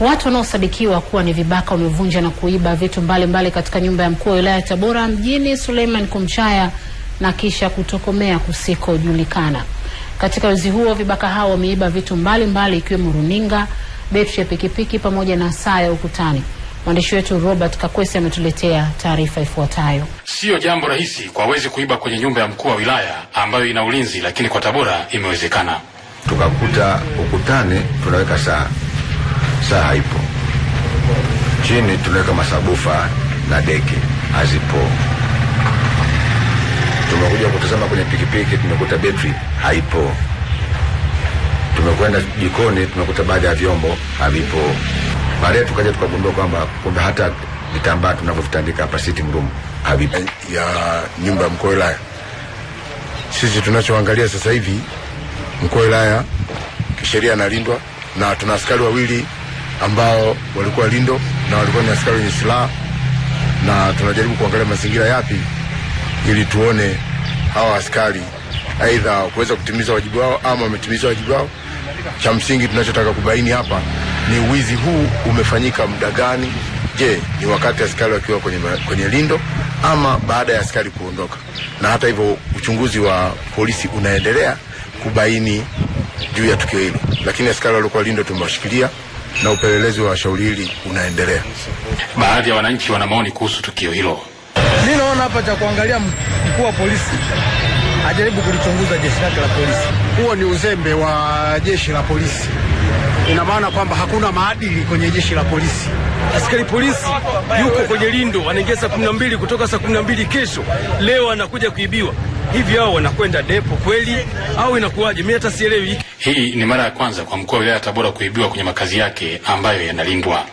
Watu wanaosadikiwa kuwa ni vibaka wamevunja na kuiba vitu mbalimbali mbali katika nyumba ya mkuu wa wilaya ya Tabora mjini Suleiman Kumchaya na kisha kutokomea kusikojulikana. Katika wizi huo, vibaka hao wameiba vitu mbalimbali ikiwemo runinga, betri ya pikipiki pamoja na saa ya ukutani. Mwandishi wetu Robert Kakwesi ametuletea taarifa ifuatayo. Siyo jambo rahisi kwa wezi kuiba kwenye nyumba ya mkuu wa wilaya ambayo ina ulinzi, lakini kwa Tabora imewezekana. Tukakuta ukutani tunaweka saa saa haipo chini, tunaweka masabufa na deki hazipo. Tumekuja kutazama kwenye pikipiki, tumekuta betri haipo. Tumekwenda jikoni, tumekuta baadhi ya vyombo havipo. Baadaye tukaja tukagundua kwamba kumbe hata vitambaa tunavyovitandika hapa sitting room havipo ya nyumba ya mkuu wilaya. Sisi tunachoangalia sasa hivi, mkoa wa wilaya kisheria analindwa na tuna askari wawili ambao walikuwa lindo na walikuwa ni askari wenye silaha, na tunajaribu kuangalia mazingira yapi ili tuone hawa askari aidha kuweza kutimiza wajibu wao ama wametimiza wajibu wao. Cha msingi tunachotaka kubaini hapa ni wizi huu umefanyika muda gani? Je, ni wakati askari wakiwa kwenye, kwenye lindo ama baada ya askari kuondoka? Na hata hivyo uchunguzi wa polisi unaendelea kubaini juu ya tukio hili, lakini askari waliokuwa lindo tumewashikilia na upelelezi wa shauri hili unaendelea. Baadhi ya wananchi wana maoni kuhusu tukio hilo. Mi naona hapa cha kuangalia mkuu wa polisi ajaribu kulichunguza jeshi lake la polisi. Huo ni uzembe wa jeshi la polisi, ina maana kwamba hakuna maadili kwenye jeshi la polisi. Askari polisi yuko kwenye lindo, anaingia saa kumi na mbili kutoka saa kumi na mbili kesho. Leo anakuja kuibiwa hivi, hao wanakwenda depo kweli au inakuwaje? Mimi hata sielewi. Hii ni mara ya kwanza kwa mkuu wa wilaya Tabora kuibiwa kwenye makazi yake ambayo yanalindwa.